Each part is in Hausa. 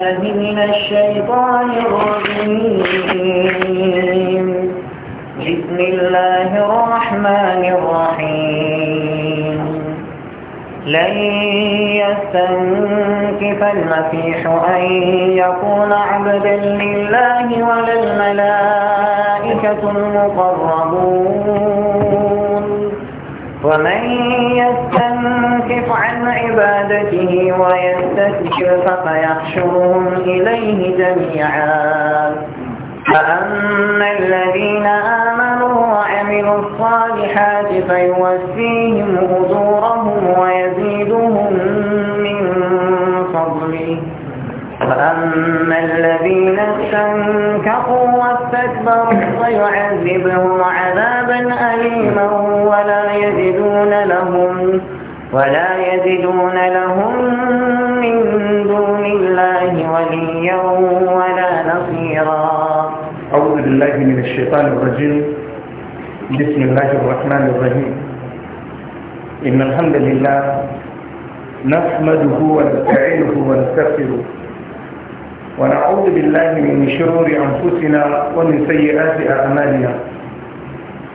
من الشيطان الرجيم بسم الله الرحمن الرحيم لن يستنكف المسيح أن يكون عبدا لله ولا الملائكة المقربون ومن يستنكف ينكف عن عبادته ويستكبر فيحشرهم إليه جميعا فأما الذين آمنوا وعملوا الصالحات فيوفيهم أجورهم ويزيدهم من فضله وأما الذين استنكفوا واستكبروا فيعذبهم عذابا أليما ولا يجدون لهم ولا يجدون لهم من دون الله وليا ولا نصيرا أعوذ بالله من الشيطان الرجيم بسم الله الرحمن الرحيم إن الحمد لله نحمده ونستعينه ونستغفره ونعوذ بالله من شرور أنفسنا ومن سيئات أعمالنا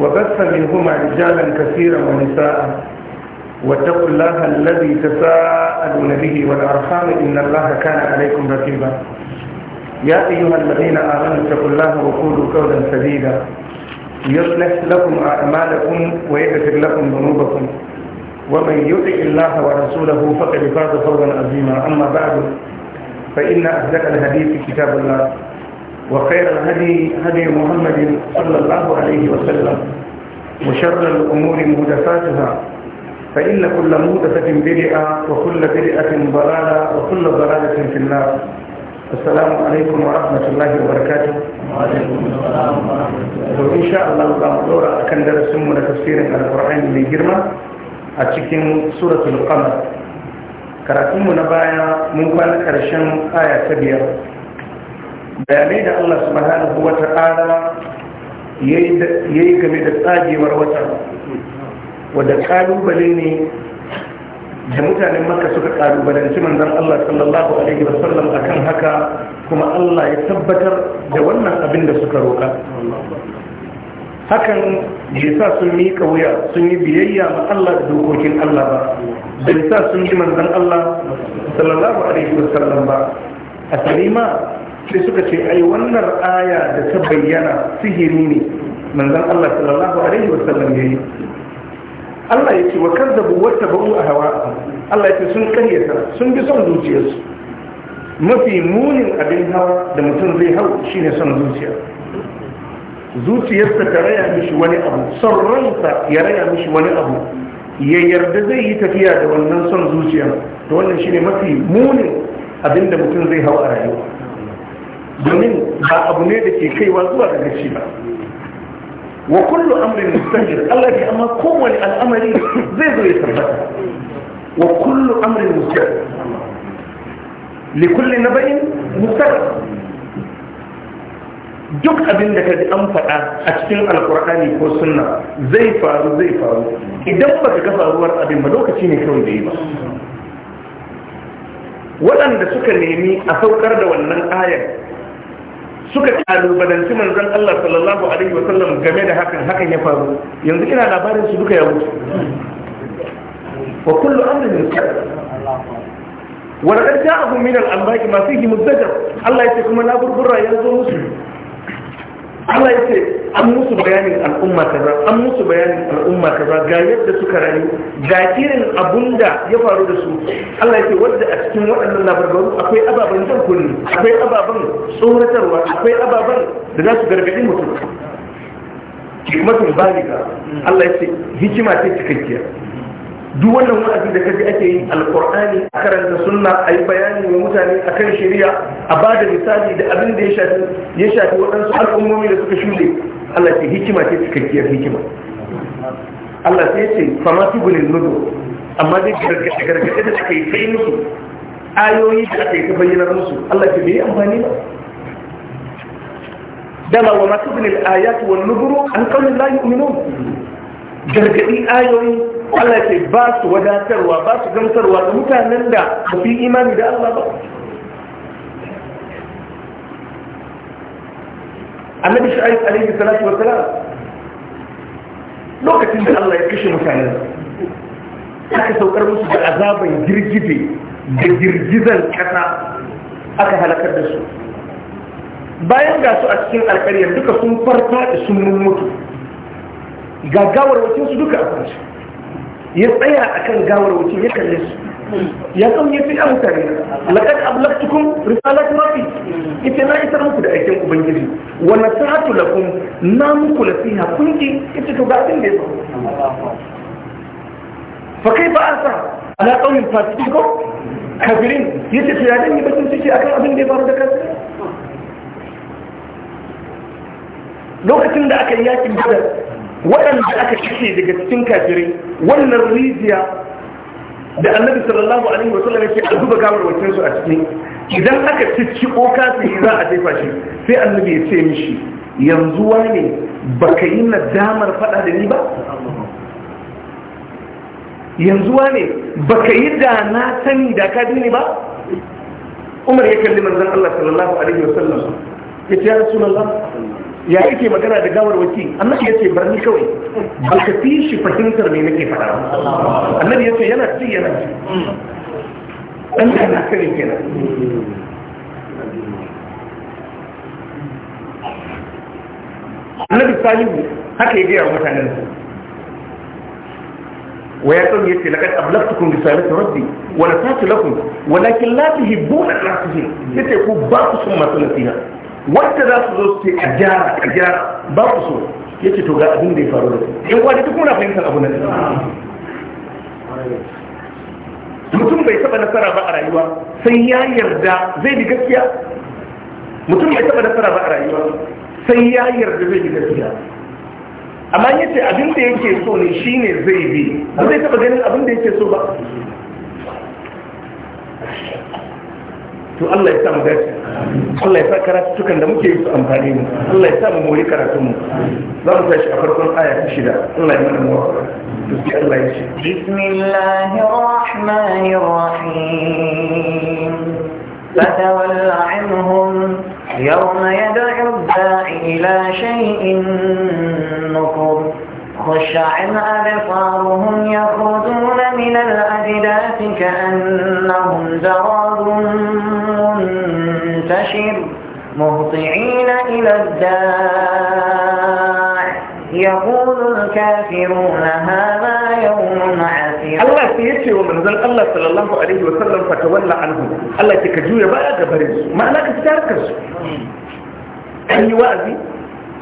وبث منهما رجالا كثيرا ونساء واتقوا الله الذي تساءلون به والارحام ان الله كان عليكم رقيبا يا ايها الذين امنوا اتقوا الله وقولوا قولا سديدا يصلح لكم اعمالكم ويغفر لكم ذنوبكم ومن يطع الله ورسوله فقد فاز فوزا عظيما اما بعد فان اصدق الحديث كتاب الله وخير الهدي هدي محمد صلى الله عليه وسلم وشر الأمور مهدفاتها فإن كل مهدفة بدعة وكل بدعة ضلالة وكل ضلالة في النار السلام عليكم ورحمة الله وبركاته وعليكم السلام ورحمة الله وإن شاء الله دورة كان درس من تفسير القرآن من جرمة أتشكين سورة القمر كراتم نبايا ممكن كرشان آية كبيرة bayanai da Allah subhanahu wa ta'ala yi game da tsagewar wata wadda kalubale ne da mutanen maka suka kalubalanci zan Allah sallallahu alaihi wasallam kan haka kuma Allah ya tabbatar da wannan abin da suka roka hakan bai sa sun miƙa wuya sun yi biyayya ma Allah da dokokin Allah ba bai sa sun ji manzan Allah sallallahu alaihi wasallam ba a ma sai suka ce ai wannan aya da ta bayyana sihiri ne manzon Allah sallallahu alaihi wasallam yayi Allah yake wa kadzabu wa tabu ahwa Allah yake sun kariyata sun bi son zuciyarsu mafi munin abin hawa da mutum zai hau shine son zuciya zuciyarsa ta raya mishi wani abu son ransa ya raya mishi wani abu ya yarda zai yi tafiya da wannan son zuciya to wannan shine mafi munin abin da mutum zai hau a rayuwa domin ba abu ne da ke kaiwa zuwa da gaci ba wa kullu amrin mustajir Allah ya amma kowane al'amari zai zo ya tabbata wa kullu amrin mustajir li kulli nabain mustajir duk abin da kaji an faɗa a cikin alkur'ani ko sunna zai faru zai faru idan baka ga faruwar abin ba lokaci ne kawai da yi ba waɗanda suka nemi a saukar da wannan ayar suka kalubalanci manzon Allah sallallahu alaihi sallam game da hakan hakan ya faru yanzu ina labarin su duka ya wuce wa kullu amrin wa laqad ja'ahum min al-anba'i ma fihi mudhakkar Allah yace kuma na burburra ya zo musu Allah ya ce an musu bayanin al'umma kaza an musu bayanin al'umma kaza ga yadda suka rayu ga irin abun da ya faru da su Allah ya ce wanda a cikin waɗannan labarbaru akwai ababen jan kunni akwai ababen tsoratarwa akwai ababen da za su gargaɗi mutum hikmatun baliga Allah ya ce hikima ce cikakkiya duk wannan wa'azi da kaji ake yi alkur'ani a karanta sunna a yi bayani wa mutane a kan shari'a a ba da misali da abin da ya shafi waɗansu al'ummomi da suka shuɗe Allah ce hikima ce cikakkiyar hikima Allah sai ce fama gune nudu amma dai gargaɗe da suka yi sai musu ayoyi da aka yi ta bayyanar musu Allah ce bai amfani ba dama wa masu tugunin ayatu wa nuburu an kawo la umminu? gargaɗi ayoyi Allah ke ba su wadatarwa ba su gamsarwa da mutanen da ba su yi imani da Allah ba annabi shu'aib alaihi salatu wa salam lokacin da Allah ya kashe mutanen aka saukar musu da azaban girgije da girgizan kasa aka halakar da su bayan ga su a cikin alkariyar duka sun farfa da sun mutu ga gawarwacin su duka a kwanci ya tsaya a kan gawar gawarwacin ya kalle su ya ya fi fiye mutane laƙar ablaktukun risalat turafi? ita na isar muku da aikin ubangiji wannan ta lafun na muku lafiya kunki ita to ga abin da ya faru fa kai ba a sa ala ƙauyin fasiko kafirin ya ce to ya yi bakin ciki akan abin da ya faru da kansa lokacin da aka yi yakin gudan. waɗanda aka kashe daga cikin kafirai wannan rijiya da annabi sallallahu alaihi wa sallam yake a zuba gawarwacin su a cikin idan aka cicci ko kafiri za a jefa shi sai annabi ya ce mishi yanzu wane baka yi na damar fada da ni ba yanzu wane baka yi da na sani da ka ni ba umar ya kalli manzon Allah sallallahu alaihi wa sallam ya ce ya rasulullah ya yake magana da gawar waki annabi yace bar ni kawai ba ka fi shi fahimtar me nake faɗa annabi yace yana ci yana ci dan da na kare kenan annabi salihu haka ya gaya mutanen su wa ya tsaye yace laqad ablaqtukum bi salati rabbi wa nasatu lakum walakin la tuhibbuna al-nasihin yace ku ba ku sun masu nasiha wadda za su zo su ce a gyara a gyara ba ku so ya ce to ga abin da ya faru da su yan wani duk muna fahimtar abu na da mutum bai taɓa nasara ba a rayuwa sai ya yarda zai bi gaskiya mutum bai taɓa nasara ba a rayuwa sai ya yarda zai bi gaskiya amma yace abin da yake so ne shine zai bi ba zai taɓa ganin abin da yake so ba to Allah ya samu dace Allah ya sa karatukan da muke yi su amfani mu Allah ya samu mori karatun mu za mu tashi a farkon aya ta shida Allah ya mana muwafaka to sai Allah ya ce bismillahir rahmanir rahim فتول عنهم يوم يدعو الداعي إلى شيء نكر خش عن أبصارهم يخرجون من الأرض كأنهم أنهم زراب منتشر مهطعين إلى الداع يقول الكافرون هذا يوم عسير الله سيأتي ومن ذلك الله صلى الله عليه وسلم فتولى عنه الله تكجوية بقى جبريز ما لك تتركز أي وعدي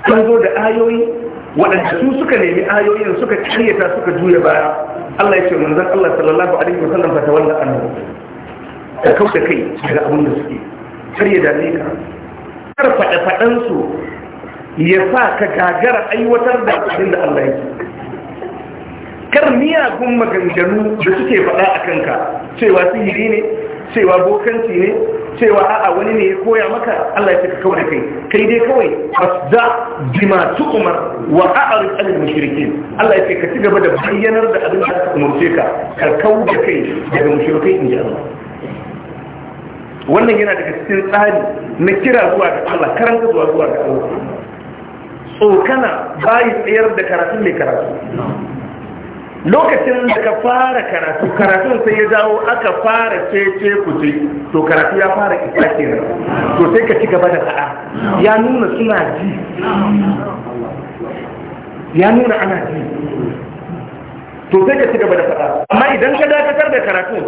تنظر آيوي وأن تسوسك لي آيوي أن ayoyin suka karyata جوية بقى Allah ya ce manzon Allah sallallahu alaihi sallam fa wanda anhu ka kauda kai daga abin da suke kar ya dame ka kar fada fadan su ya sa ka gagara aiwatar da abin da Allah ya ce kar miyagun maganganu da suke faɗa a kanka cewa sihiri ne cewa bokanci ne cewa a'a wani ne ya koya maka Allah ya saka kawai da kai kai dai kawai jima bima umar wa a'rid 'anil mushrikeen Allah ya ce ka gaba da bayyanar da abin da aka umurce ka ka kau da kai daga mushrikai in ji wannan yana daga cikin tsari na kira zuwa ga Allah karanta zuwa zuwa ga Allah tsokana bayi tsayar da karatun mai karatu lokacin da ka fara karatu karatun sai ya dawo aka fara cece kuce to karatu ya fara isa kenan to sai ka ci gaba da sa'a ya nuna suna ji ya nuna ana ji to sai ka ci gaba da faɗa amma idan ka dakatar da karatu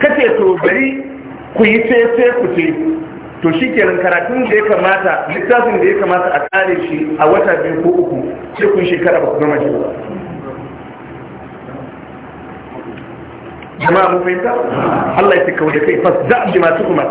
ka ce to bari ku yi cece kuce to shi kenan karatun da ya kamata littafin da ya kamata a tsare shi a wata biyu ko uku sai kun shekara ba ku gama shi ba jama'a mun fahimta Allah ya ce kawai kai fasda bi ma tuhuma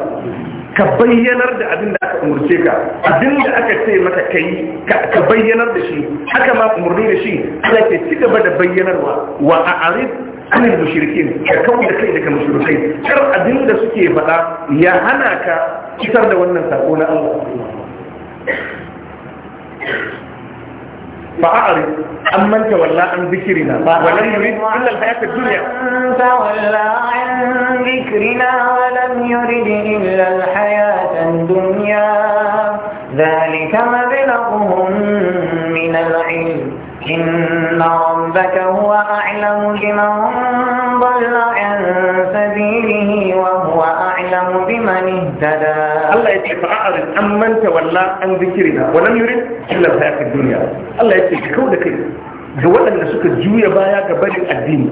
ka bayyanar da abin da aka umurce ka abin da aka ce maka kai ka bayyanar da shi haka ma umurni da shi Allah ya ci gaba da bayyanarwa wa a'rif anil mushrikin ka kawo da kai daga mushrikai kar abin da suke faɗa ya hana ka kisar da wannan sako na Allah فأعرض من تولى عن ذكرنا ولم يريد إلا الحياة الدنيا تولى عن ذكرنا ولم يرد إلا الحياة الدنيا ذلك مبلغهم من العلم إن ربك هو أعلم بمن ضل عن سبيله وهو أعلم أعلم بمن اهتدى الله يتي فأعرض أمن تولى عن ذكرنا ولم يرد إلا الحياة الدنيا الله يتي كودك ga waɗanda suka juya baya ga barin addini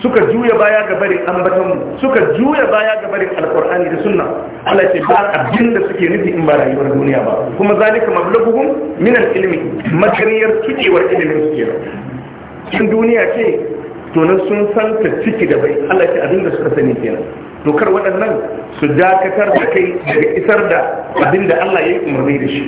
suka juya baya ga barin ambatanmu suka juya baya ga alkur'ani da sunna Allah ce ba abin da suke nufi in ba rayuwar duniya ba kuma zalika mablaguhum min al-ilmi ilimin suke kenan duniya ce to nan sun san ta ciki da bai Allah ce abinda suka sani kenan to kar waɗannan su dakatar da kai daga isar da abinda Allah ya yi umarni da shi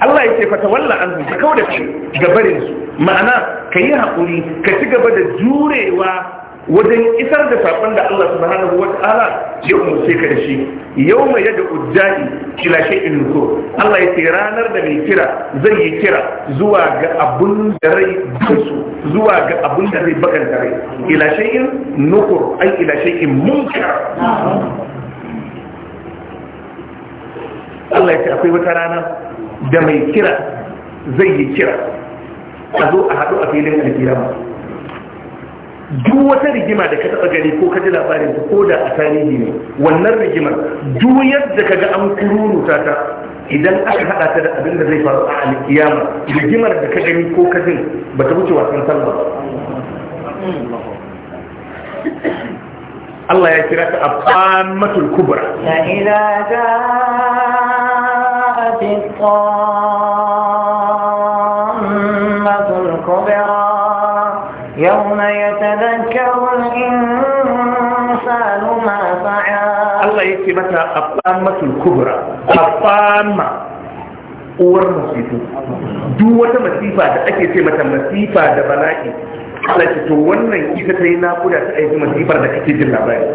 Allah ya ce fata walla an ka kawo da shi gabarin su ma'ana ka yi haƙuri ka ci gaba da jurewa wajen isar da saƙon da Allah subhanahu wa ta'ala ya umarce ka da shi yau mai yadda kila shi shay'in so Allah ya ce ranar da mai kira zai yi kira zuwa ga abun da rai dusu zuwa ga abun da zai bakan da rai shi shay'in nukur ai shi in munkar Allah ya ce akwai wata rana da mai kira zai yi kira a zo a haɗu a filin alkiyama duk wata rigima da ka taɓa gani ko ka ji labarin ta ko da a tarihi ne wannan rigimar duk yadda ka ga an kururuta ta idan aka haɗa ta da abin da zai faru a alkiyama rigimar da ka gani ko ka jin ba ta wuce wasan sallah Allah ya kira ta matul kubra la matul kubra يوم يتذكر الإنسان ما سعى الله يكي متى الطامة الكبرى الطامة uwar masifu duk wata masifa da ake ce mata masifa da bala'i Allah ce to wannan ita ta yi nakuda ta aiki masifar da kake jin labari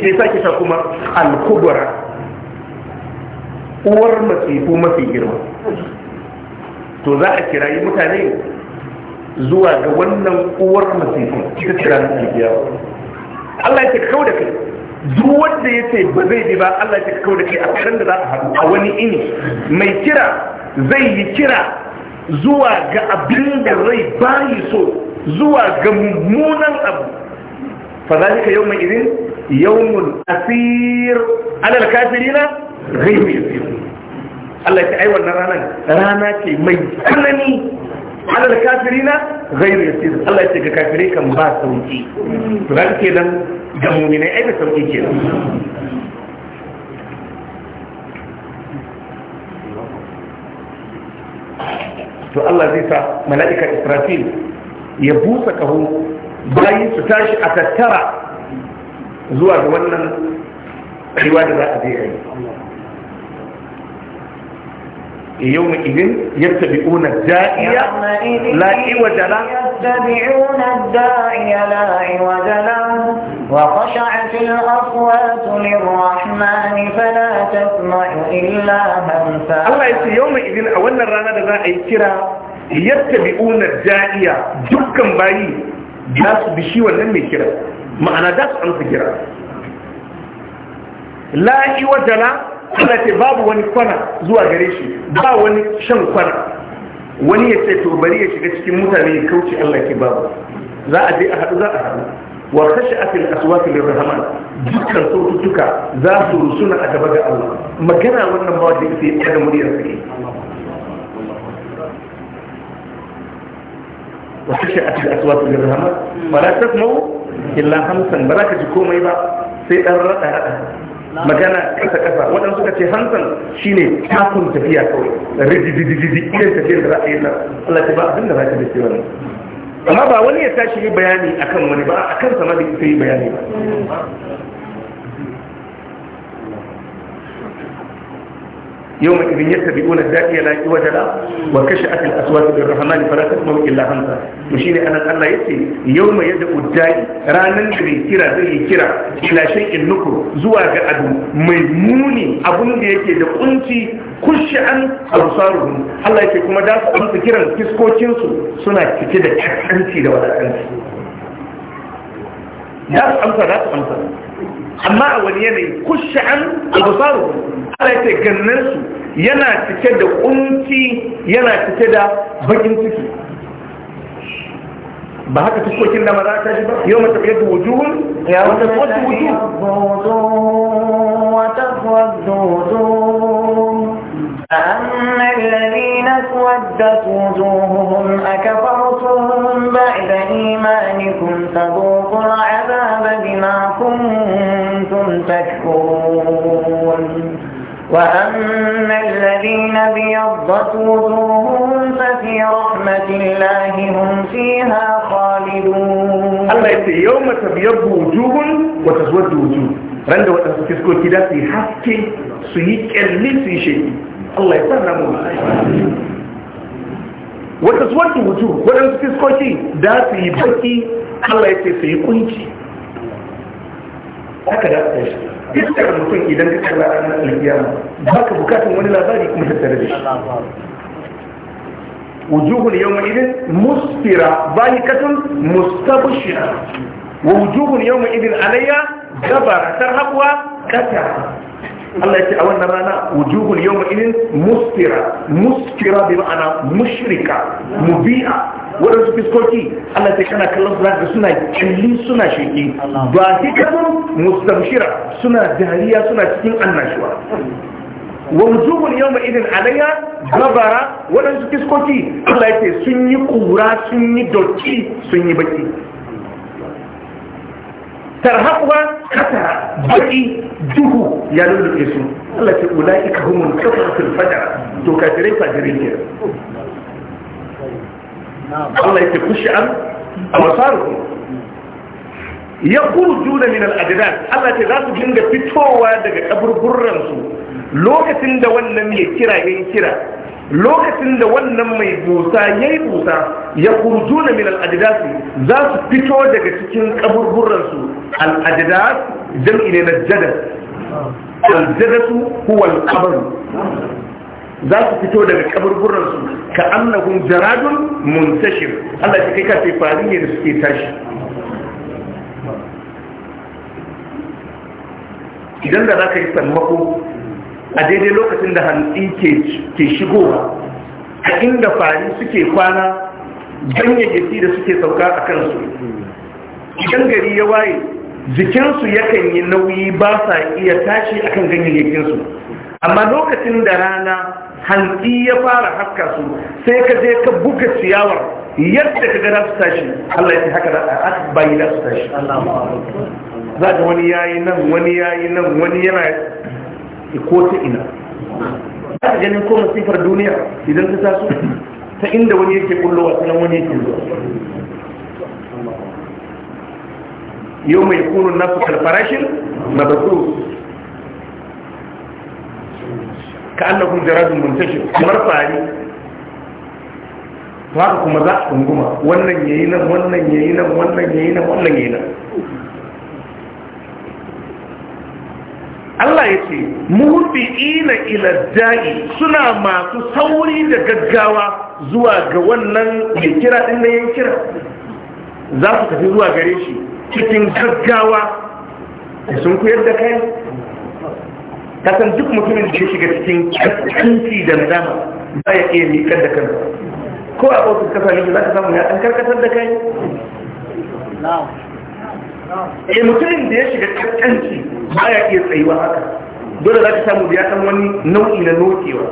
sai sa kisa kuma al-kubra uwar masifu mafi girma to za a kira yi mutane zuwa ga wannan uwar masifin ita ce ranar alkiyawa Allah ya ce kawo da kai duk wanda ya ce ba zai bi ba Allah ya ce kawo da kai a karan da za a haɗu a wani ini mai kira zai yi kira zuwa ga abin da zai bayi so zuwa ga mummunan abu fa mai irin? Yau mun. asir alal na, zai yasir Allah ya ce ai wannan ranar rana ce mai tsanani alal kafirina ghairu yasir Allah ya ce ga kafiri kan ba sauki to dan kenan ga mu'minai ai da sauki kenan to Allah zai sa mala'ika Israfil ya busa kaho bayan su tashi a tattara zuwa ga wannan riwa da za a je yi يوم إذن يتبعون الداعي لا عوج له يتبعون الداعي لا عوج له وخشعت الأصوات للرحمن فلا تسمع إلا همسا الله يسي يومئذ أولا رانا لنا أي كرا يتبعون الداعي جبكا باي جاس بشي ولن كرا معنا جاس عن كرا لا عوج له Allah ce babu wani kwana zuwa gare shi ba wani shan kwana wani ya ce to bari ya shiga cikin mutane ya kauce Allah ke babu za a je a haɗu za a haɗu wa kashi afil aswati lir rahman dukkan saututtuka za su rusuna a gaba ga Allah magana wannan ba wanda yake da muryar sai wa kashi afil aswati lir rahman fala tasma'u illa hamsan baraka ji komai ba sai dan rada rada magana kasa kasa waɗansu suka ce hansan shine takun tafiya kawai rididididi irin tafiyar da za a yi nan ce ba abin da za ka da wannan amma ba wani ya tashi yi bayani akan wani ba akan sama da ita yi bayani ba يوم إذن يتبعون الداعي لا يوجد له وكشأت الأصوات بالرحمن فلا تسمع إلا همسا مشين أنا الله يتي يوم يدعو الداعي رانا ذي كرا ذي كرا إلى شيء نكر زوا أدو ميموني أبن يكي دقنتي كش عن أبصارهم الله يتي كما داس أمس كرا كسكو تنسو سنة كتدك أنتي دولا أنت داس أمسا داس أمسا amma a wani yanayi kushe an abusaru ala ya ce gannansu yana cike da kunci yana cike da bakin ciki ba haka tukokin da maza ta shi ba yau mata fiye da wujuhun ya wata wata wujuhun فأما الذين سودت وجوههم أكفرتم بعد إيمانكم فذوقوا العذاب بما كنتم تكفرون وأما الذين بيضت وجوههم ففي رحمة الله هم فيها خالدون الله يقول يوم تبيض وجوه وتسود وجوه عندما تسكت كده في حق سيك اللي في شيء Allah ya san namu wata suwarki wuju waɗansu fiskoki da su yi baki Allah ya ce su yi kunci haka da su shi iskar mutum idan ka kalla ranar alkiyama ba ka bukatan wani labari kuma tare da shi wujuhun yawma idin musfira balikatun mustabshira wa wujuhun yawma idin alayya gabara tarhaquwa kata Allah yake a wannan rana wujuhul yawma idin musfira musfira bi ma'ana mushrika mubi'a waɗansu fiskoki Allah ta kana kallon za suna kyalli suna sheki ba hikabun mustamshira suna dariya suna cikin annashuwa ووجوه يومئذ عليها غبرة ولن sun yi يتي sun yi doki, sun yi بكي tarhaquha katara baki duhu ya lulluɓe su Allah ce ulaika humul kafaratul fajr to kafirai fajirai ke Allah ya ce kushi an awasarukum yakhrujuna min al-addan Allah ce za su dinga fitowa daga kaburburran su lokacin da wannan ya kira yayin kira lokacin da wannan mai busa ya yi busa ya kurju na min al'adidasi za su fito daga cikin kaburburansu al'adidas jam'i ne na jadas aljadasu huwa al'abaru za su fito daga kaburburansu ka annahun jaradun muntashir Allah ya kai ka sai fari ne da suke tashi idan da za ka yi sammako a daidai lokacin da hantsi ke shigowa a inda fari suke kwana ganyayyaki da suke sauka a kansu idan gari ya waye jikinsu yakan yi nauyi ba sa iya tashi akan ganyayyakinsu amma lokacin da rana hantsi ya fara haska su sai ka je ka buga ciyawar yadda ka gada su tashi Allah ya ce haka da a bayi da su tashi za ka wani yayi nan wani yayi nan wani yana ko ta ina za ka ganin ko masifar duniya idan ta taso ta inda wani yake kullowa ta nan wani yake zuwa yau mai kunun nasu kalfarashin mabasu ka annahun jarazin muntashin kamar fari to haka kuma za a ɗunguma wannan yayi nan wannan yayi nan wannan yayi nan wannan yayi nan Allah ya ce ina ila da'i suna masu sauri da gaggawa zuwa ga wannan mai kira din da kira za su tafi zuwa gare shi cikin gaggawa da sun koyar da kai kasan duk mutumin da ya shiga cikin kanci da nadama ba ya iya miƙar da kansa ko a ofis kasa ne za ka samu ya ɗan karkatar da kai eh mutumin da ya shiga kaskanci ba ya iya tsayuwa haka dole za ka samu da ya san wani nau'i na nokewa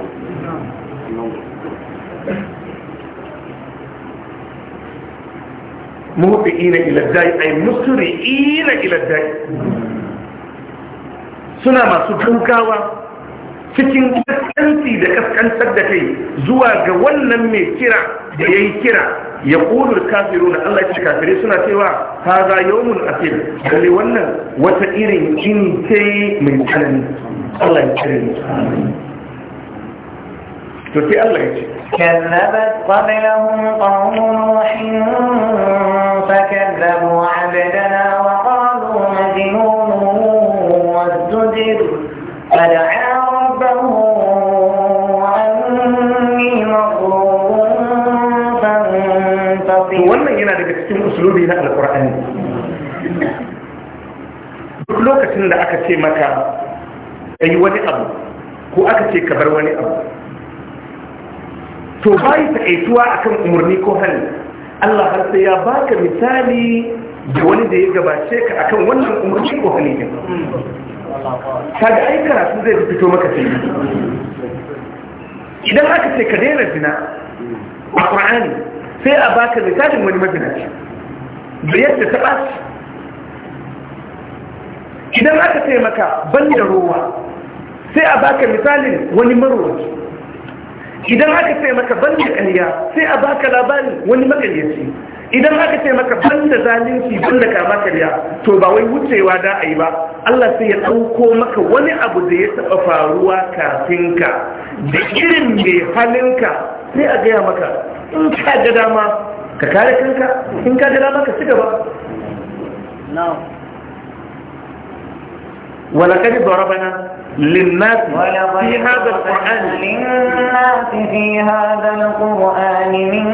muhubi'ina ina dai ai musuri ina dai suna masu gaugawa cikin kaskanci da kaskantar da kai zuwa ga wannan mai kira da ya yi kira ya ƙulul kafiru na Allah ce kafiri suna cewa ta za yawon asir dalle wannan wata irin jini ce mai tsanani Allah ya kare mu to sai Allah ya ce كذبت قبلهم قوم نوح alkur'ani duk lokacin da aka ce maka ka yi wani abu ko aka ce ka bar wani abu to bayi takaituwa akan umarni ko hannu Allah har sai ya baka misali da wani da ya gabace ka akan wannan umarni ko hannu ne kaga ai karatu zai fito maka sai idan aka ce ka daina zina a Qur'ani sai a baka misalin wani mazinaci da yadda ta ɓaci idan aka sai maka ban da ruwa sai a baka misalin wani marwaci idan aka sai maka da ƙarya sai a baka labarin wani makaryaci idan aka taimaka maka ban da zalinci ban da kama karya to ba wai wucewa da a yi ba Allah sai ya ɗauko maka wani abu da ya taɓa faruwa kafin ka da irin mai halinka sai a gaya maka in ka ga dama ka kare kanka in ka jira maka ci gaba ولقد ضربنا للناس في هذا القرآن للناس في هذا القرآن من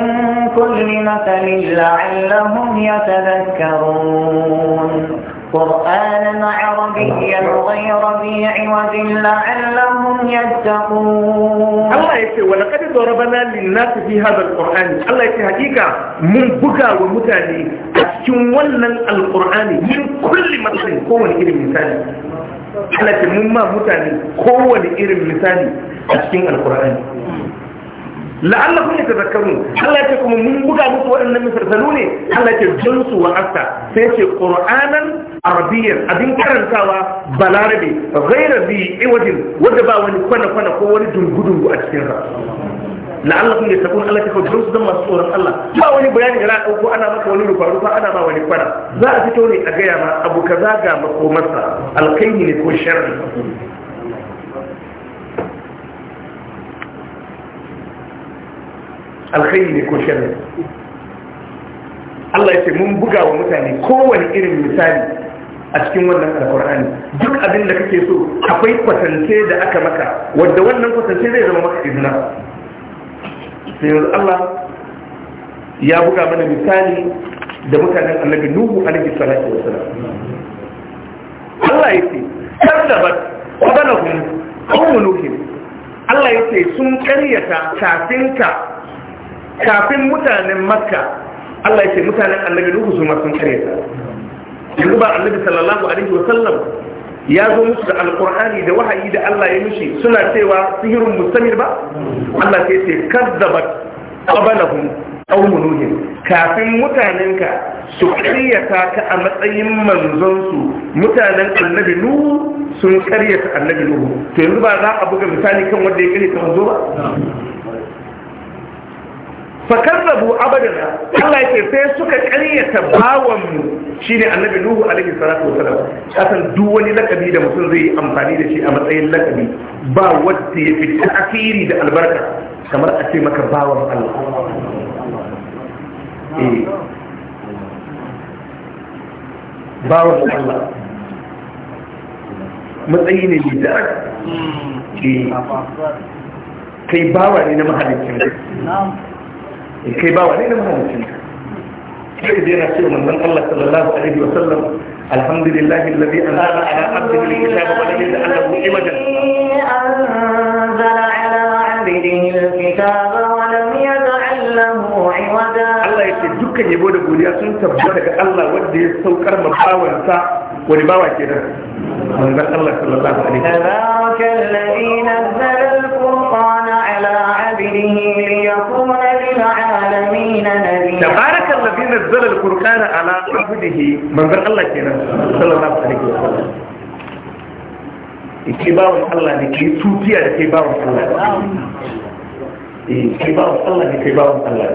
كل مثل لعلهم يتذكرون قرآنا عربيا غير ذي عوج لعلهم يتقون الله يكفي ولقد ضربنا للناس في هذا القرآن الله يكفي حقيقة من بكى ومتاني أشتم ولن القرآن من كل مثل كون إلي مثالي حلت مما متاني كون إلي مثالي أشتم القرآن la'allakum yatazakkarun Allah ya kuma mun buga muku waɗannan misalsalu ne Allah ya ce wa'asta sai ce qur'anan arabiyyan abin karantawa balarabe ghayra bi iwajin wanda ba wani kwana kwana ko wani dungudungu a cikin sa la'allakum yattaqun Allah take don su masu tsoron Allah ba wani bayani da a dauko ana maka wani rufa rufa ana ba wani kwana. za a fito ne a gaya ma abu kaza ga makomarsa alkhairi ne ko sharri alkhairi ne ko shirin. Allah ya ce mun buga wa mutane kowane irin misali a cikin wannan alkur'ani duk abin da kake so akwai kwatance da aka maka wadda wannan kwatance zai zama maka izina sai yanzu Allah ya buga mana misali da mutanen annabi nuhu alaihi salatu wassalam Allah ya ce kadzabat qablahum qawmun nuh Allah ya ce sun karyata kafinka kafin mutanen makka Allah ya ce mutanen annabi duk su ma sun kare ta yanzu ba annabi sallallahu alaihi wasallam ya zo musu da alqur'ani da wahayi da Allah ya mishi suna cewa sihirin mustamir ba Allah ya ce kazzabat qablahum qaumun nuh kafin mutanenka su kariyata ka a matsayin manzon su mutanen annabi nu sun karyata annabi nuhu to yanzu ba za a buga misali kan wanda ya ta manzo ba rabu abadana Allah yake sai suka karyata bawan mu Shi ne annabi Nuhu alaihi salatu salam. kasan duk wani lakabi da mutum zai yi amfani da shi a matsayin lakabi ba wanda ya fi ta'asiri da albarka kamar a ce maka bawan Allah eh bawan Allah matsayi ne mai daraja hmm. eh. kai bawa ne na mahalicin na'am in kai ba wani da mahalicin sai da yana cewa manzon Allah sallallahu alaihi wa sallam alhamdulillahi alladhi anzala ala abdihi alkitaba wa lam yaj'al lahu iwajan anzala ala abdihi alkitaba wa lam yaj'al lahu Allah yake dukkan yabo da godiya sun tabbata daga Allah wanda ya saukar ma mabawansa wani bawa kenan manzon Allah sallallahu alaihi wa sallam tabarakal ladzi nazzala al-qur'ana ala abdihi manzon Allah nan sallallahu alaihi wasallam ke bawon Allah ne ke tutiya da ke bawon Allah ke bawon Allah ne ke bawon Allah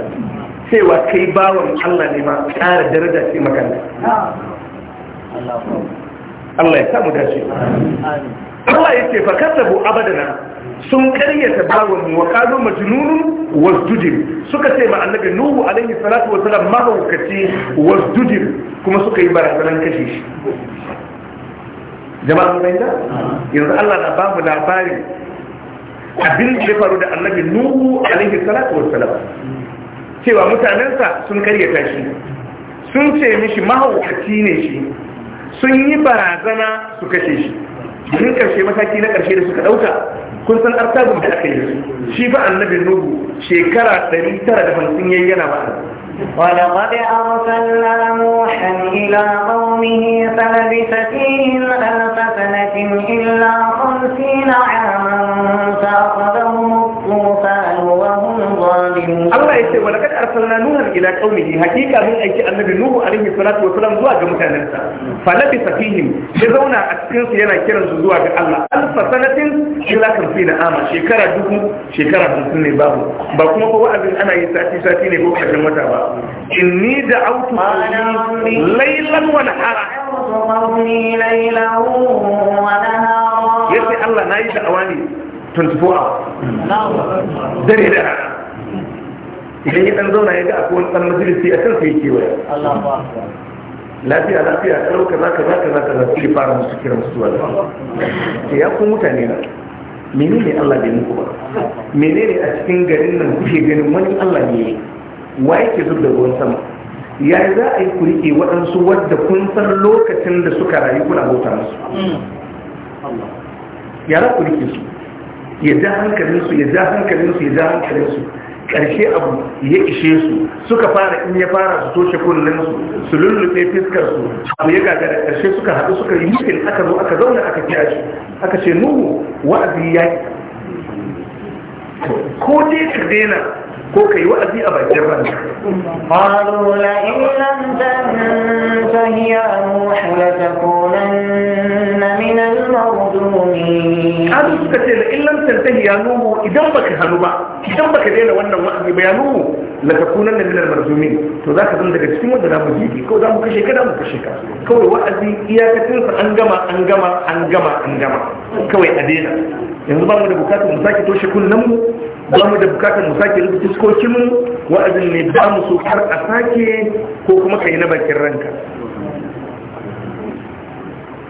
cewa kai bawon Allah ne ma ƙara daraja ce makanta Allah ya samu dace Allah ya ce fa kasabu abadana sun karyata bawani wa kazo majnunun wasdujim suka ce ma annabi nuhu alaihi salatu wa salam mahaukaci wasdujim kuma suka yi barazanan kashe shi jama'a mun ga yanzu Allah na babu labari abin da ya faru da annabi nuhu alaihi salatu wa salam cewa mutanensa sun karyata shi sun ce mishi mahaukaci ne shi sun yi barazana su kashe shi domin karshe mataki na karshe da suka dauka kun san artabu da aka yi shi ba annabi nuhu shekara 950 yayi yana ولقد أرسلنا نوحا إلى قومه فلبث فيهم ألف سنة إلا خمسين عاما فأخذهم Allah ya ce wa lakad arsalna nuha ila qaumihi hakika mun aiki annabi nuhu alaihi salatu wa salam zuwa ga mutanansa fa labi fihim sai zauna a cikin su yana kiran su zuwa ga Allah alfa sanatin ila kamfi na ama shekara dubu shekara dubu ne babu ba kuma ba wa'azin ana yin sati sati ne ko karshen wata ba inni da'awtu laylan wa nahara yace Allah nayi da'awa ne 24 hours dare da idan yi dan zauna ya ga akwai wani dan majalisi a kan sai kewaya lafiya lafiya karo ka za ka za ka za ka za su fara musu kiran su zuwa da ya kun mutane na menene Allah bai muku ba menene a cikin garin nan kuke ganin wani Allah ne wa yake zub da ruwan sama ya za a yi kurike waɗansu wadda kun san lokacin da suka rayu kuna bauta musu mm. ya za ku rike su ya ja hankalinsu ya ja hankalinsu ya ja hankalinsu ƙarshe abu ya ishe su suka fara in ya fara su toshe kullunsu su lullube fiskarsu abu ya gagara ƙarshe suka haɗu suka yi mutum aka zo aka zauna aka kiya shi aka ce nuhu wa'azi ya yi ko dai ka daina ko ka yi wa'azi a bakin ranka قالوا لئن لم تنته يا نوح لتكونن من المرجومين kazu suka ce la illan tantahi ya nuhu idan baka hanu ba idan baka daina wannan wa'azi ba ya nuhu la takuna min al-marzumin to zaka zama daga cikin wanda zamu ji ko zamu kashe ka zamu kashe ka kawai wa'azi iyakacin an gama an gama an gama an gama kawai a daina yanzu ba mu da bukatar mu sake toshe kunnen mu ba mu da bukatar mu sake rubuta fuskokin mu wa'azin ne ba mu so har a sake ko kuma kai na bakin ranka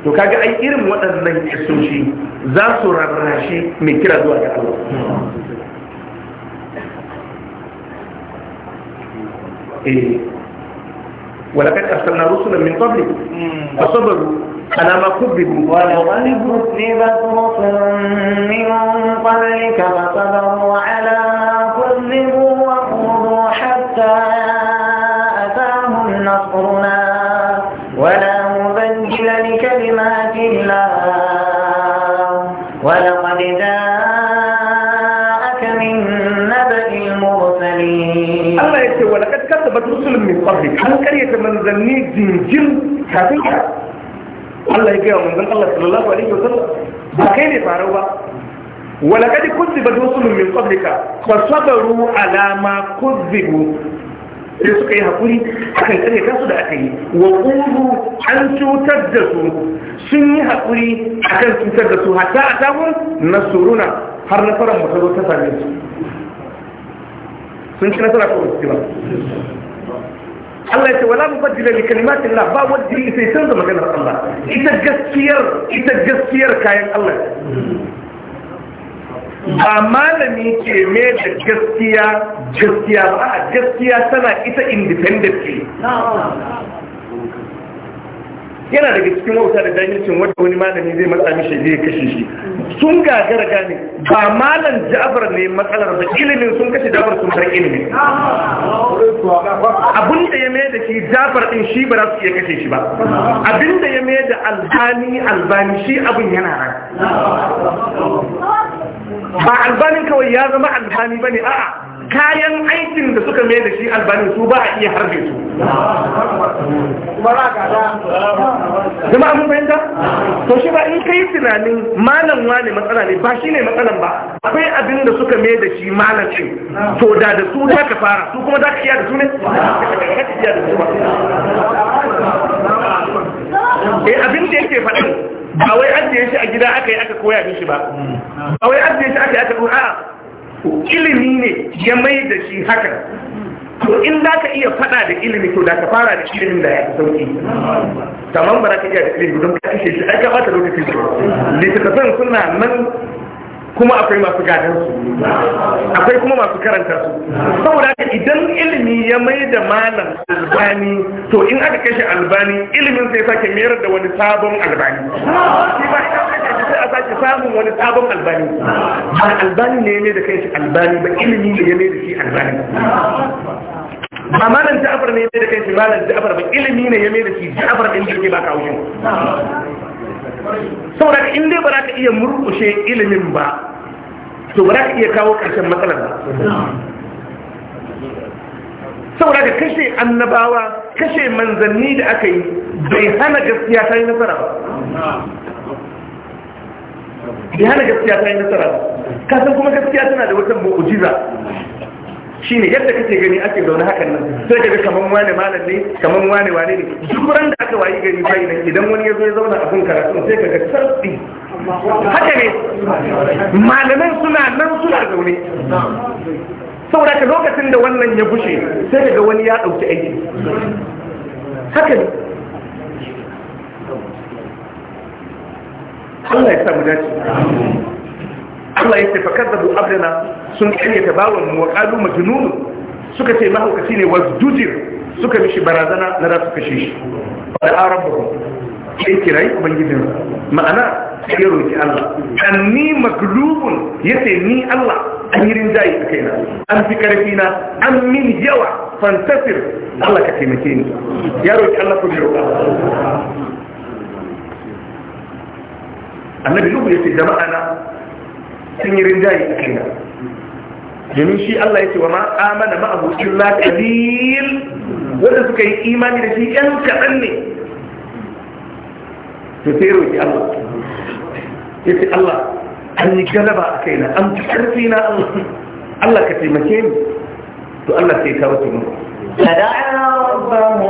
to kaga ai irin waɗannan yasoshi za su rarrashi mai kira zuwa ga Allah eh walakin arsalna min qabli fa sabaru ala ma kubbu ni ba rusulan min qablika fa sabaru ala mufarrid an karyata manzanni jinjin kafin ka Allah ya gaya manzan Allah sallallahu alaihi wasallam ba kai ne faru ba ولقد كذب رسل من قبلك فصبروا على ما كذبوا sai suka yi hakuri akan kare kansu da aka yi wa ƙuru an cutar da su sun yi hakuri akan cutar da su hatta a samun nasuruna har nasarar mutalo ta same su sun ci nasara ko ba Allah ya ce wala mubaddila li Allah ba wanda sai canza maganar Allah ita gaskiyar ita gaskiyar kayan Allah ba malami ke me da gaskiya gaskiya ba a gaskiya tana ita independently yana daga cikin wauta da dangin wanda wani malami zai matsa mishi zai kashe shi sun ga ne ba malam ja'far ne matsalar da ilimin sun kashe ja'far sun tar ilimin abinda ya mai da shi ja'far din shi ba za su iya kashe shi ba abinda ya mai da albani albani shi abin yana nan ba albanin kawai ya zama albani ba ne a'a kayan aikin da suka mai da shi albani su ba a iya harbe su jama'a mun fahimta to shi ba in kai tunanin malam wane matsala ne ba shi ne matsalan ba akwai abin da suka mai da shi malam to da da su za ka fara su kuma za ka iya da su ne eh abin da yake faɗin ba wai ajiye shi a gida aka yi aka koya shi ba ba wai ajiye shi aka yi aka koya to ilimi ne ya mai da shi haka to in za ka iya faɗa da ilimi to da ka fara da ilimin da ya fi sauki kamar ba za ka iya da ilimi don ka kashe shi ai ka bata lokacin shi littattafan suna nan kuma akwai masu gadon su akwai kuma masu karanta su saboda haka idan ilimi ya mai da malam albani to in aka kashe albani ilimin sai sake mayar da wani sabon albani sai a sake samun wani sabon albani ba albani ne ya mai da kai albani ba ilimi ne ya mai da shi albani ba malam ja'far ne ya mai da kai malam ja'far ba ilimi ne ya mai da shi ja'far din da ke ba kawo saboda in dai ba za ka iya murkushe ilimin ba to ba za ka iya kawo ƙarshen matsalar ba saboda ka kashe annabawa kashe manzanni da aka yi bai hana gaskiya ta yi nasara ba bai hana gaskiya ta yi nasara ba kasan kuma gaskiya tana da wata mu'ujiza shine yadda kake gani ake zaune hakan nan sai ka ga kamar wani malam ne kamar wani wane ne duk ran da aka wayi gari bai nan idan wani ya zo ya zauna a kan karatu sai ka ga sarfi haka ne malaman suna nan suna zaune saboda ka lokacin da wannan ya bushe sai ka ga wani ya dauki aiki haka ne Allah ya samu dace Allah ya ce fa kazzabu abrana sun kanye ta mu wa qalu majnun suka ce mahaukaci ne wasdujir suka mishi barazana na za su kashe shi fa rabbuhum sai kirayi ubangijin ma'ana ya roki Allah anni maglubun yace ni Allah an yi rinjaye a kaina an fi karfi na an min yawa fantasir Allah ka taimake ni ya roki Allah ku roƙa annabi nuhu yace jama'a na sun yi rinjaye a kaina domin shi Allah ya ce wa ma amana ma abu wanda suka yi imani da shi ƴan kaɗan ne to sai roki Allah ce Allah an yi galaba a na an fi karfi na Allah Allah ka taimake ni to Allah sai ka wuce mu فدعا mu.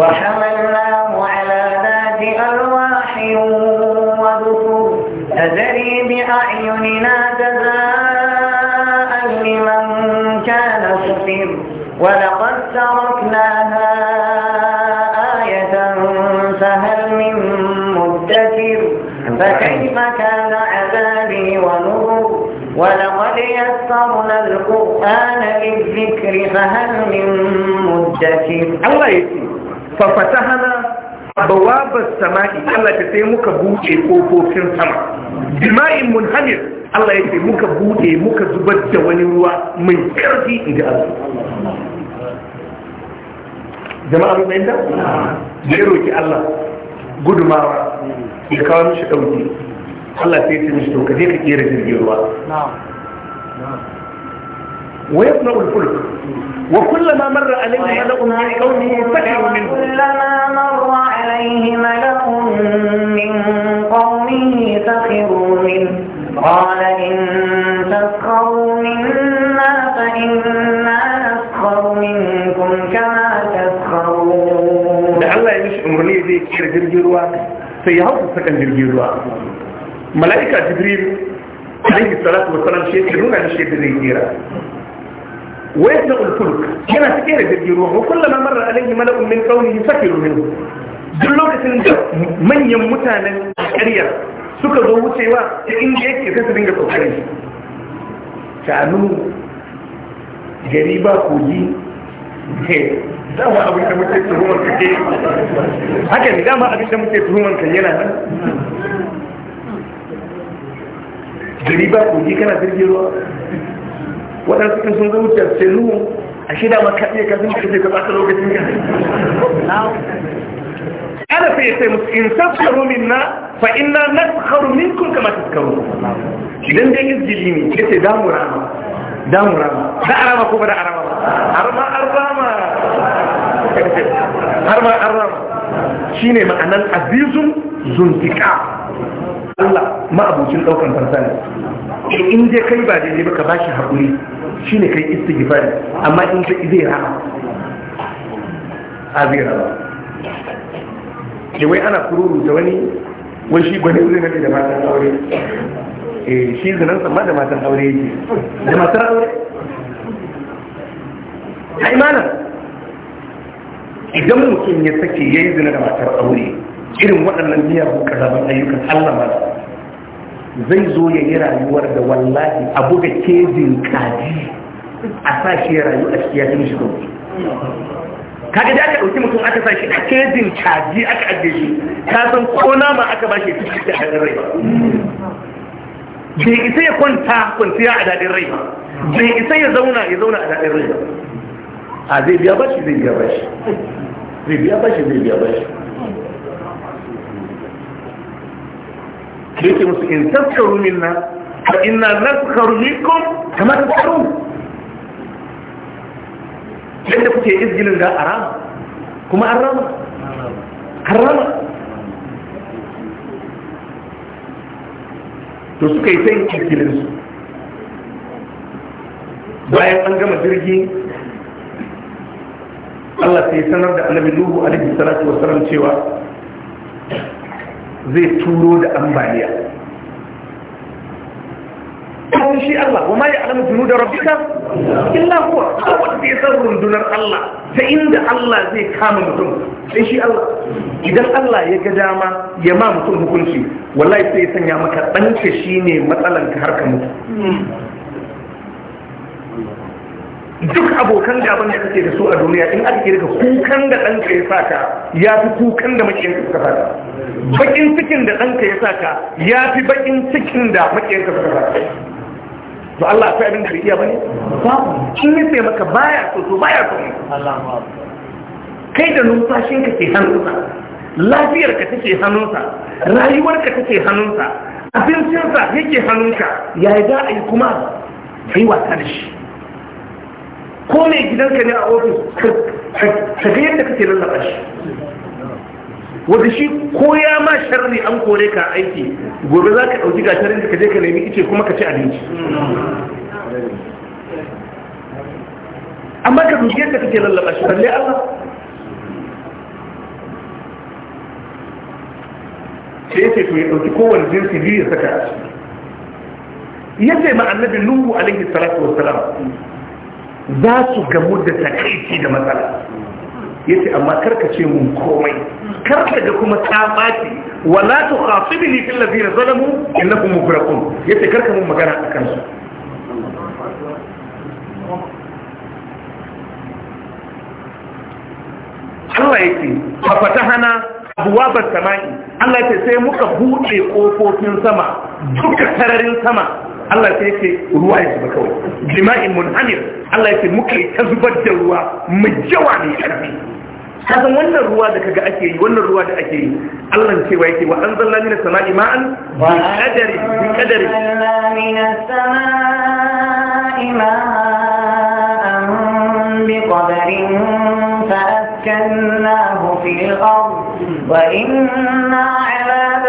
وحملناه على ذات ألواح ودفر تجري بأعيننا جزاء لمن كان كفر ولقد تركناها آية فهل من مدكر فكيف كان عذابي ونور ولقد يسرنا القرآن للذكر فهل من مدكر الله يسير fafatahana bawabar sama'i Allah ta sai muka buɗe kofofin sama jima'in munhamir Allah ya ce muka buɗe muka zubar da wani ruwa mai ƙarfi inda Allah jama'a mai da ya roki Allah gudumawa ya kawo mishi ɗauki Allah sai ya ce mishi to ka je ka ƙera jirgin ruwa wa yasna'ul fulk وكلما مر عليه ملأ من قومه سخروا منه كلما مر عليه ملأ من قومه سخروا منه قال إن تسخروا منا فإنا نسخر منكم كما تسخرون لعل يمشي أمرني زي كير جرجروا سيهوت سكن جرجروا ملائكة جبريل عليه الصلاة والسلام شيء يقولون عن الشيء الذي ويسمع الفلك هنا تكير jirgin ruwa وكلما مر عليه ملأ من قومه سخروا منه duk lokacin da manyan mutanen ƙaryar suka zo wucewa ta inda yake sai su dinga tsokarin shi gari ba kogi dama abin da muke tuhumar ka ke haka ne dama abin da muke tuhumar ka yana nan gari ba kogi kana jirgin ruwa waɗansu kan sun zama tafsiru a shida ma ka iya kafin ka ka ɓata lokacin ka ana yi sai musu in fa’in na na inna min kun kama tafkaru idan dai jiri ne ya da damu rama damu rama da arama ko ba da arama ba arama arama har ma arama shine ma'anan azizun zuntika Allah ma'abucin ɗaukan farsa ne eh, in je kai ba daidai ba ka ba shi haƙuri shi ne kai istighfari amma in ka zai rama a zai rama ke eh, wai ana kururuta wani wai shi gwanin zai da matan aure E, shi zinan sama da matan aure yake da matan aure A imanar idan mutum ya sake yayi zina da matar aure irin waɗannan miyagun kazaban ayyukan Allah ma zai zo ya yi rayuwar da wallahi a buga kejin kaji a sa shi ya rayu a ciki ya fi mishi kaga da aka ɗauki mutum aka sa shi a kejin kaji aka ajiye shi ka san ko nama aka ba shi cikin da harin rai bai isa ya kwanta kwanciya a daɗin rai bai isa ya zauna ya zauna a daɗin rai a zai biya shi zai biya shi. zai biya shi zai biya shi. yake musu in taskaru minna fa inna naskaru minkum kama taskaru yadda kuke izgilin da a kuma an rama an rama to suka yi sai izgilinsu bayan an gama jirgi Allah sai sanar da annabi Nuhu alaihi salatu wasallam cewa zai turo da ambaliya kawai shi Allah wa ma ya alamu tunu da rabbika illa huwa wanda ya san rundunar Allah ta inda Allah zai kama mutum sai shi Allah idan Allah ya ga dama ya ma mutum hukunci wallahi sai ya sanya maka ɗanka shi ne matsalanka har ka mutu duk abokan gaban da kake da su a duniya in aka kirga kukan da ɗanka ya saka ya fi kukan da makiyanka suka saka bakin cikin da ɗanka ya saka ya fi bakin cikin da makiyanka suka saka to Allah akwai abin da iya bane babu in ya sai maka baya so so baya so kai da numfashinka ke hannunsa lafiyarka take hannunsa rayuwarka take hannunsa abincinsa yake hannunka ya za a yi kuma kai wasa da shi ko mai gidanka ne a ofis ka ga yadda kake lallaba shi wata shi ko ya ma sharri an kore ka aiki gobe za ka ɗauki gasharin da ka je ka nemi ice kuma ka ci abinci amma ka duki yadda kake lallaba shi balle Allah sai ce to ya ɗauki kowane jinsi biyu ya saka a ciki ya ce ma annabi nuhu alaihi salatu salam. za su gamu da takaici da matsala ya ce amma karkace mun komai karkaga kuma ta ɓaci wala tu kafin ni fil ladina zalamu kuma mughraqun ya ce karka mun magana a kansu Allah yake hana, abuwa abwaabas samai Allah yake sai muka buɗe ƙofofin sama duka sararin sama الله يسي هو عايز بكو دماء منهمر الله يسي مكي تزبط جلوا مجواني أبي هذا من الروا ذاك أكيد ومن الروا ذاك أكيد الله يسي ويسي وأنزلنا من السماء ماء بقدر بقدر من السماء ماء بقدر فأسكناه في الأرض وإنا على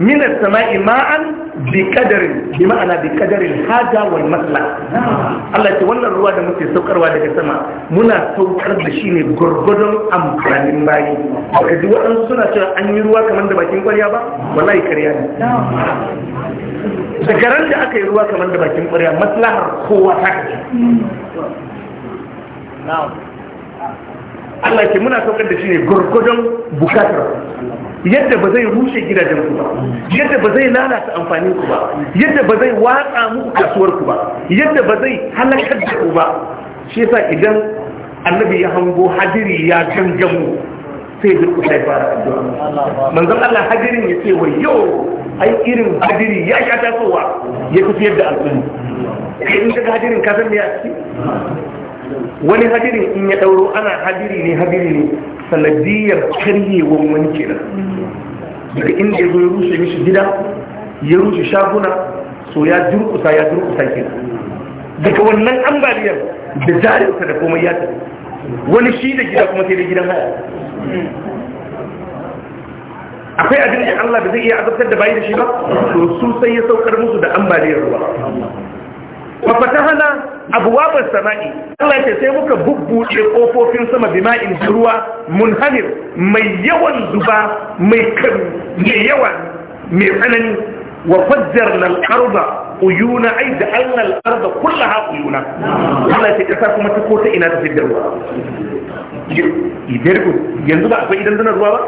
min samai ma'an bi kadarin, bi ma'ana bi kadarin haja wal masla Allah ce wannan ruwa da muke saukarwa daga sama muna saukar da shi ne gurgurdon amfanin bayi ka ji waɗansu suna cewa an yi ruwa kamar da bakin kwarya ba wallahi karya ne da da aka yi ruwa kamar da bakin kwarya maslahar kowa ta Allah ke muna saukar da shi ne gurgudun bukatar yadda ba zai rushe gidajen ku ba yadda ba zai lalata amfanin ku ba yadda ba zai watsa muku kasuwar ku ba yadda ba zai halakar da ku ba shi yasa idan annabi ya hango hadiri ya gangamu sai duk ku sai fara addu'a manzon Allah hadirin ya ce wai yo ai irin hadiri ya sha tasowa ya kusa yadda al'umma Idan ka hadirin ka san me ya ci wani hadirin in ya ɗauro ana hadiri ne hadiri ne sanadiyar karyewan wani kenan daga inda ya zo ya rushe mishi gida ya rushe shaguna so ya durkusa ya durkusa kenan daga wannan ambaliyar da jarinsa da komai ya tafi wani shi da gida kuma sai da gidan haya akwai abin da Allah da zai iya azabtar da bayi da shi ba to su sai ya saukar musu da ambaliyar ruwa fa fatahana abwabas sama'i Allah ya sai muka bubbuce kofofin sama bima'in ruwa munhamir mai yawan zuba mai kan mai yawa mai wa fajjarna al-arda uyuna ai da Allah al-arda kullaha uyuna Allah ce kasa kuma ta kota ina ta fidda ruwa yanzu ba akwai idan zana ruwa ba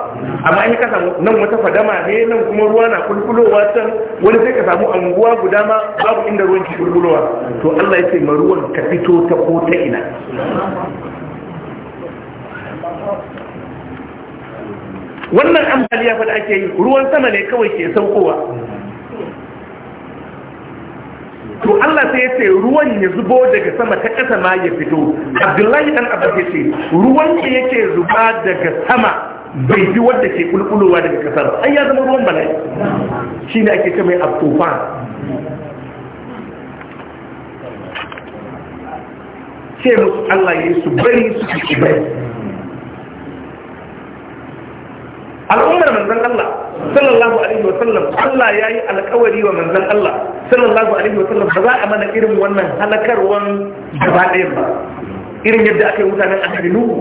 amma in ka samu nan wata fadama ne nan kuma ruwa na kulkulowa can wani sai ka samu anguwa guda ma babu inda ruwan ke kulkulowa to Allah ya ce ma ruwan ka fito ta kota ina wannan ambaliya fa da ake yi ruwan sama ne kawai ke saukowa to Allah sai ya ce ruwan ya zubo daga sama ta ƙasa ma ya fito Abdullahi dan Abbas ya ce ruwan da yake zuba daga sama bai fi wanda ke kulkulowa daga ƙasar ai ya zama ruwan bala'i ne ake ce mai abtufan ce musu Allah ya yi su bari su ki bari al'ummar manzan Allah sallallahu alaihi wa sallam Allah yayi alƙawari wa manzan Allah sallallahu alaihi wa sallam ba za a mana irin wannan halakarwan gaba ɗaya ba irin yadda aka yi mutanen annabi nuhu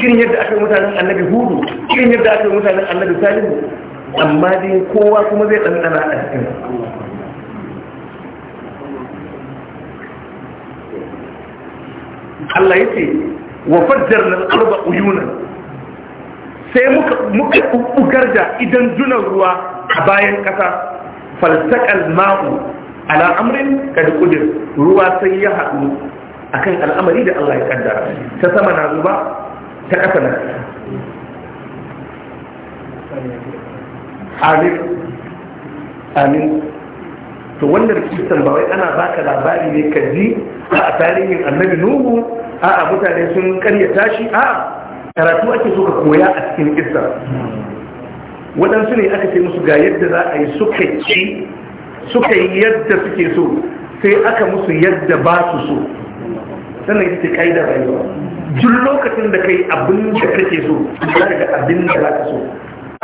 irin yadda aka yi mutanen annabi hudu irin yadda aka yi mutanen annabi salihu amma dai kowa kuma zai ɗanɗana a cikin Allah ya ce wa fajjar nan arba uyunan sai muka bugar da idan dunan ruwa a bayan ƙasa falsakal ma'u al'amarin amrin kad ruwa sai ya haɗu akan al'amari da Allah ya ƙaddara, ta sama na zuba ta ƙasa na amin amin to wanda kisan ba wai ana baka labari ne ka ji a tarihin annabi nuhu a mutane sun karyata shi a karatu ake so ka koya a cikin kissa waɗansu ne aka ce musu ga yadda za a yi suka ci suka yi yadda suke so sai aka musu yadda ba su so sannan ita ce da rayuwa duk lokacin da kai abin da kake so za ka ga abin da za ka so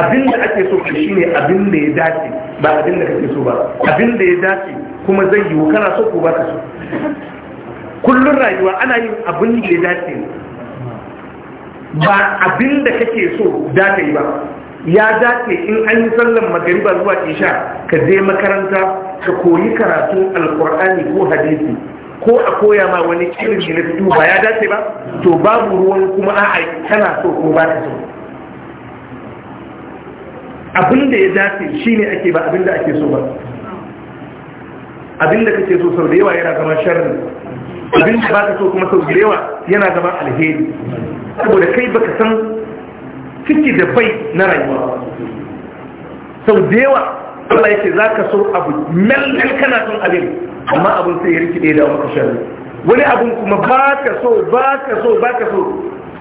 abin da ake so shi ne abin da ya dace ba abin da kake so ba abin da ya dace kuma zai yiwu kana so ko ba ka so kullum rayuwa ana yin abin da ya dace ba abin da kake so da ka yi ba ya dace in an yi sallan magariba zuwa isha ka je makaranta ka koyi karatun alkur'ani ko hadisi ko a koya ma wani irin na fito ba ya dace ba to babu ruwan kuma a'a kana so ko ba ka so abin da ya dace shine ake ba abin da ake so ba abin da kake so sau da yawa yana zama sharri abin da ba ka so kuma sau da yawa yana zama alheri saboda kai baka san ciki da bai na rayuwa sau da yawa Allah ya ce za ka so abu mallal kana son abin amma abin sai ya rikide da maka sharri wani abin kuma ba ka so ba ka so ba ka so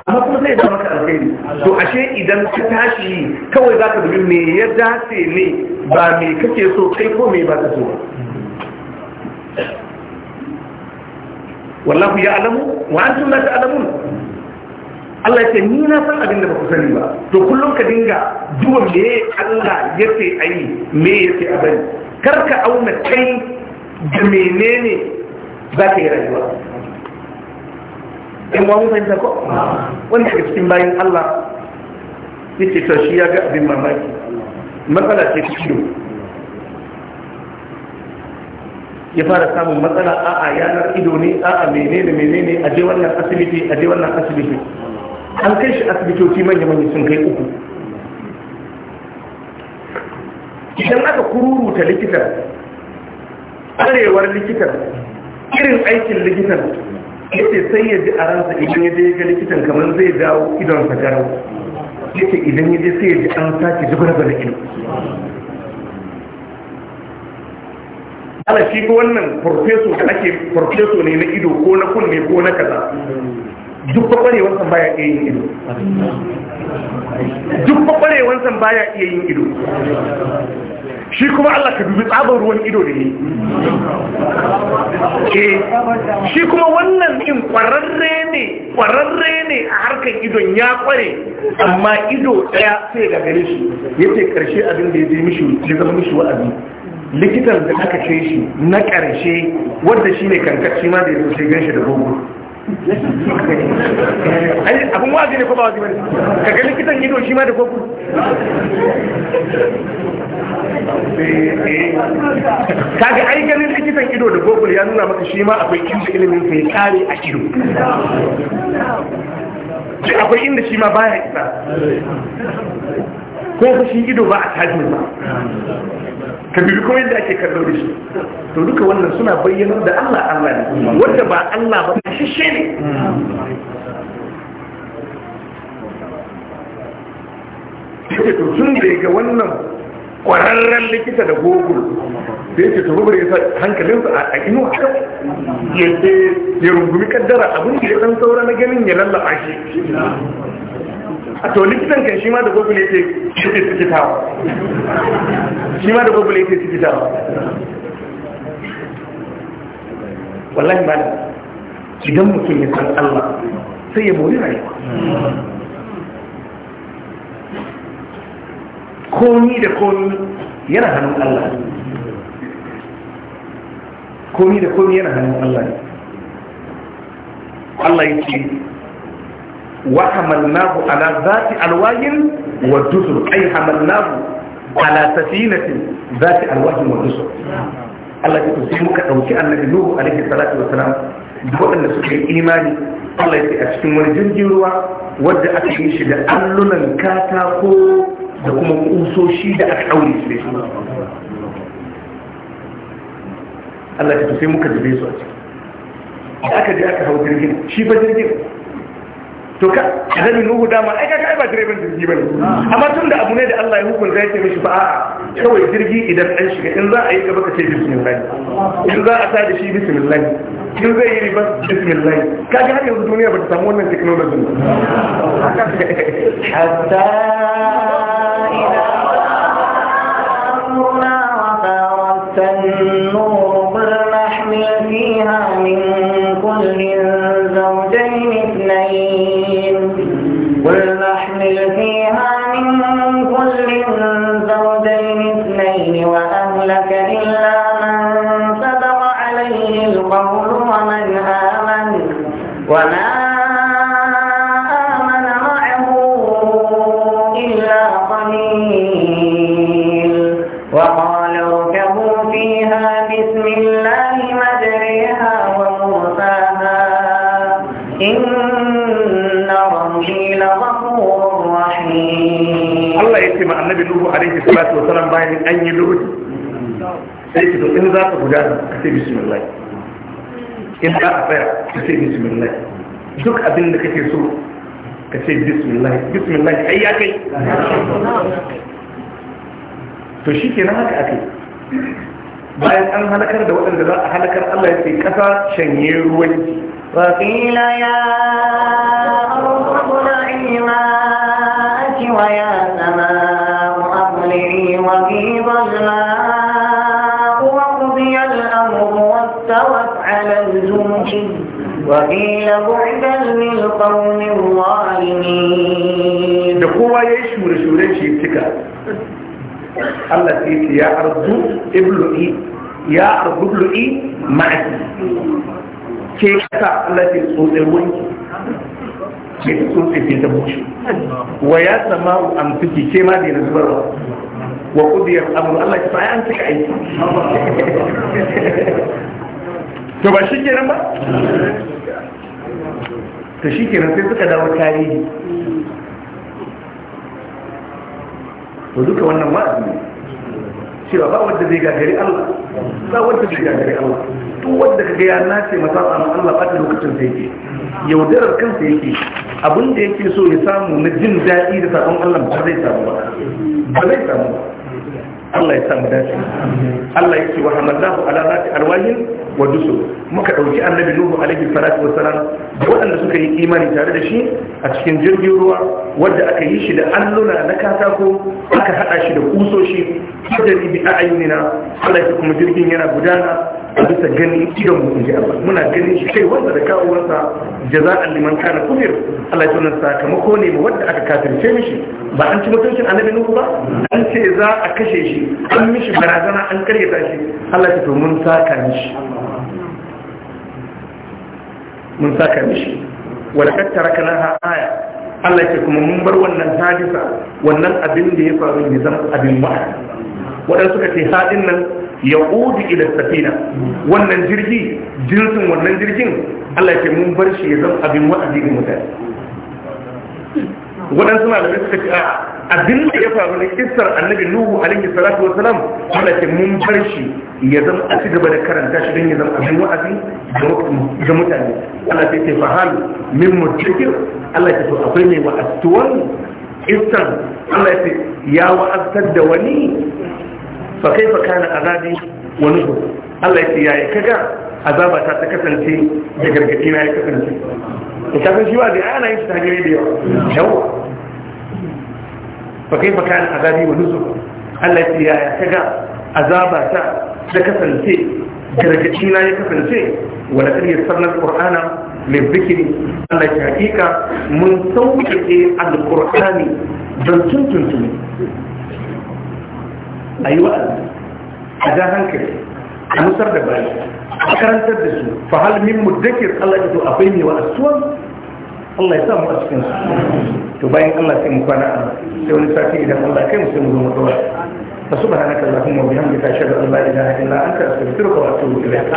amma kuma sai da maka alkhairi to ashe idan ka tashi kawai za ka dubi me ya dace ne ba me kake so kai ko me ba ka so wallahu ya alamu wa antum la ta'lamun Allah ce ni na san abin da ba ku sani ba to kullum ka dinga duba me Allah ya ce a yi me ya ce a bari kar ka auna kai da menene za ka yi rayuwa in wani fahimta ko wanda ke cikin bayan Allah ya to shi ya ga abin mamaki matsala ce cikin ya fara samun matsala a'a yanar ido ne a'a menene menene aje wannan asibiti aje wannan asibiti an kai shi asibitoci manya-manya sun kai uku idan aka kururuta likitan arewar likitan irin aikin likitan yake sai ya ji a ransa idan ya je ga likitan kamar zai dawo idon idonsa garau yake idan ya je sai ya ji an sake zubarba da ido ala shi ga wannan farfeso da ake farfeso ne na ido ko na kunne ko na kaza duk kwakwarewar san baya iya yin ido shi kuma Allah ka dubi tsabar ruwan ido da ne shi kuma wannan din kwararre ne kwararre ne a harkar idon ya kware amma ido daya sai daga gare shi karshe abin da ya je mishi ya zama mishi wa'azi likitan da aka ce shi na karshe wanda shine shi ma da ya zo ganshi da gogo abin wazi ne ko ba wazi ba ne ka ga likitan ido shi ma da kofu kaga ai ganin likitan ido da gogol ya nuna maka shi ma akwai kinsa ilimin sai kare a ido akwai inda shi ma baya isa ko fa shi ido ba a tajin ba ka bibi ko yadda ake kallo da shi to duka wannan suna bayyana da Allah Allah ne wanda ba Allah ba kashishe ne yake to tun da ga wannan kwararren likita da gogul da yake to rubar yasa hankalinsa a inu haka yadda ya rungumi kaddara abin da ya san saura na ganin ya lallaba shi a to likitan kan shi ma da gogul ce yake sikitawa shi ma da gogul ce sikitawa wallahi malam idan mutum ya san Allah sai ya bori rayuwa komi da komi yana hannun Allah komi da komi yana hannun Allah Allah ya ce wa hamalnahu ala zati alwahin wa dusur ay hamalnahu ala safinatin zati alwahin wa dusur Allah ya ce muka dauki annabi Nuhu alaihi salatu wa salam da waɗanda suka yi imani Allah ya a cikin wani jirgin ruwa wadda aka yi shi da allunan katako da kuma kusoshi da aka aure su da shi Allah ya sai muka jibe su a ciki da aka je aka hau jirgin shi ba jirgin to ka annabi nuhu dama ai ka kai ba direban jirgi bane amma tun da abu ne da Allah ya hukunta yake mishi ba a'a kawai jirgi idan an shiga in za a yi gaba ka ce bismillah in za a sa da shi bismillah in zai yi ba bismillah kaga har yanzu duniya ba ta samu wannan technology ba hatta alaihi salatu wasalam bayan an yi lokaci. sai ki to in za ka guda ka sai bismillah in za a tsaya ka sai bismillah duk abin da kake so ka ce bismillah bismillah ai ya kai to shi ke na haka akai bayan an halakar da waɗanda za a halakar Allah ya ce ƙasa shanye ruwan وقيل يا أرض ابلعي ماءك ويا وقيل بعدا للقوم الظالمين da kowa ya yi shure shure shi cika Allah ce ya arzu iblu'i ya arzu iblu'i ma'aki ke kasa Allah sai tsotse wanki ke tsotse sai ta bushe wa ya sama amfiki ke ma da yana zubarwa wa kudiyar Allah ya fa'an cika aiki to ba shi kenan ba to shi kenan sai suka dawo tarihi to duka wannan wa'azi ne cewa ba wanda zai gagari Allah ba wanda zai gagari Allah duk wanda kaga ya nace masa Allah ba da lokacin sa yake yaudarar kansa yake abinda yake so ya samu na jin daɗi da sabon Allah ba zai samu ba ba zai samu ba Allah ya samu dace Allah ya ce wa hamallahu ala zati alwahin wa dusul muka dauki annabi nuhu alaihi salatu wassalam da waɗanda suka yi imani tare da shi a cikin jirgin ruwa wadda aka yi shi da alluna na katako aka hada shi da kusoshi hadari bi a'yunina Allah ya kuma jirgin yana gudana a bisa gani idan mutum ji Allah muna ganin shi kai wanda da kawowarsa jaza'an liman kana kufir Allah ya wannan sakamako ne ba wanda aka kafirce mishi ba an ci mutuncin annabi nuhu ba an ce za a kashe shi an mishi barazana an karyata shi Allah ya to mun saka mishi mun saka mishi wa laqad taraknaha aya Allah ya kuma mun bar wannan hadisa wannan abin da ya faru ne zan abin ba. waɗansu suka ce haɗin nan ya ƙudi ila safina wannan jirgi jinsin wannan jirgin Allah ke mun bar shi ya zama abin wa'azi ga mutane waɗansu da suka ce abin da ya faru na kistar annabi nuhu alaihi salatu salam Allah ke mun bar shi ya zama a ci gaba da karanta shi don ya zama abin wa'azi ga mutane Allah ke ce fahalu min mutakir Allah ke to akwai mai wa'azi to Allah ya Allah ya wa'azkar da wani fa fakana kana azabi wani nuzur Allah ya yi yayi kaga azaba ta ta kasance da gargadi na ya kasance Da ka shi ba da ana yin ta gare da yawa yawa fa fakana kana azabi wani nuzur Allah ya yi yayi kaga azaba ta ta kasance gargadi na ya kasance Wani wa laqad yassarna al-qur'ana للذكر الله mun sauƙaƙe سوء القرآن دل تنتنتني a yi wa'azi a ja hankali a musar da bayi a karantar da su fa hal min muddakir Allah ya to akwai mai wa'azuwan Allah ya samu a cikin su to bayan Allah sai mu kwana a sai wani sati idan Allah kai mu sai mu zo mu dora fa subhanaka allahumma wa bihamdika ashhadu an la ilaha illa anta astaghfiruka wa atubu ilayk